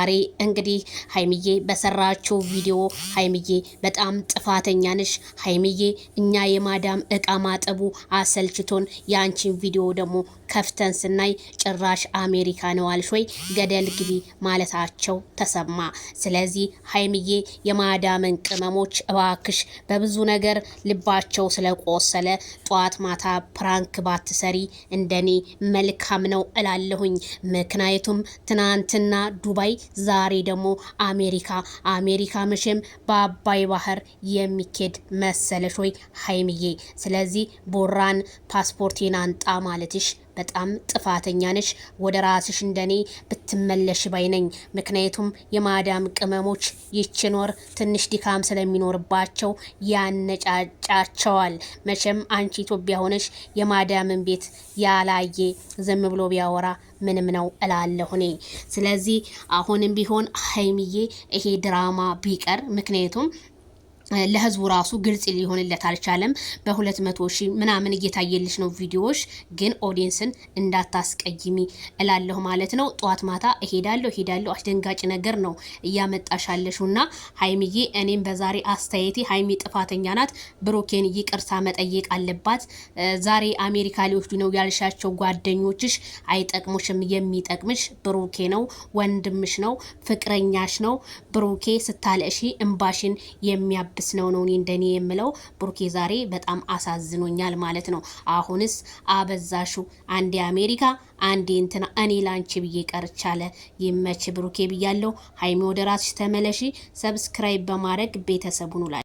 ዛሬ እንግዲህ ሀይምዬ በሰራችው ቪዲዮ ሀይምዬ በጣም ጥፋተኛ ነሽ፣ ሀይምዬ እኛ የማዳም እቃ ማጠቡ አሰልችቶን የአንቺን ቪዲዮ ደግሞ ከፍተን ስናይ ጭራሽ አሜሪካ ነው አልሽ ወይ ገደል ግቢ ማለታቸው ተሰማ። ስለዚህ ሀይምዬ የማዳምን ቅመሞች እባክሽ በብዙ ነገር ልባቸው ስለቆሰለ ጠዋት ማታ ፕራንክ ባትሰሪ እንደኔ መልካም ነው እላለሁኝ። ምክንያቱም ትናንትና ዱባይ ዛሬ ደግሞ አሜሪካ አሜሪካ መቼም በአባይ ባህር የሚኬድ መሰለሽ ወይ ሀይምዬ? ስለዚህ ቦራን ፓስፖርቴን አንጣ ማለትሽ በጣም ጥፋተኛ ነሽ፣ ወደ ራስሽ እንደኔ ብትመለሽ ባይ ነኝ። ምክንያቱም የማዳም ቅመሞች ይችን ወር ትንሽ ድካም ስለሚኖርባቸው ያነጫጫቸዋል። መቼም አንቺ ኢትዮጵያ ሆነሽ የማዳምን ቤት ያላየ ዝም ብሎ ቢያወራ ምንም ነው እላለሁ እኔ። ስለዚህ አሁንም ቢሆን ሀይሚዬ ይሄ ድራማ ቢቀር ምክንያቱም ለህዝቡ ራሱ ግልጽ ሊሆንለት አልቻለም። በሁለት መቶ ሺህ ምናምን እየታየልሽ ነው ቪዲዮዎች፣ ግን ኦዲየንስን እንዳታስቀይሚ እላለሁ ማለት ነው። ጠዋት ማታ እሄዳለሁ እሄዳለሁ አስደንጋጭ ነገር ነው እያመጣሻለሹ እና ሀይሚዬ፣ እኔም በዛሬ አስተያየቴ ሀይሚ ጥፋተኛ ናት፣ ብሩኬን ይቅርታ መጠየቅ አለባት። ዛሬ አሜሪካ ሊወስዱ ነው ያልሻቸው ጓደኞችሽ አይጠቅሙሽም። የሚጠቅምሽ ብሩኬ ነው፣ ወንድምሽ ነው፣ ፍቅረኛሽ ነው። ብሩኬ ስታለሺ እምባሽን የሚያብ አዲስ ነው ነው እንደኔ የምለው ብሩኬ ዛሬ በጣም አሳዝኖኛል ማለት ነው። አሁንስ አበዛሹ አንዴ አሜሪካ አንድ እንትና እኔ ላንቺ ብዬ ቀርቻለ። ይመች ብሩኬ ብያለው። ሀይሚ ወደ ራስሽ ተመለሺ። ሰብስክራይብ በማድረግ ቤተሰቡን ውላል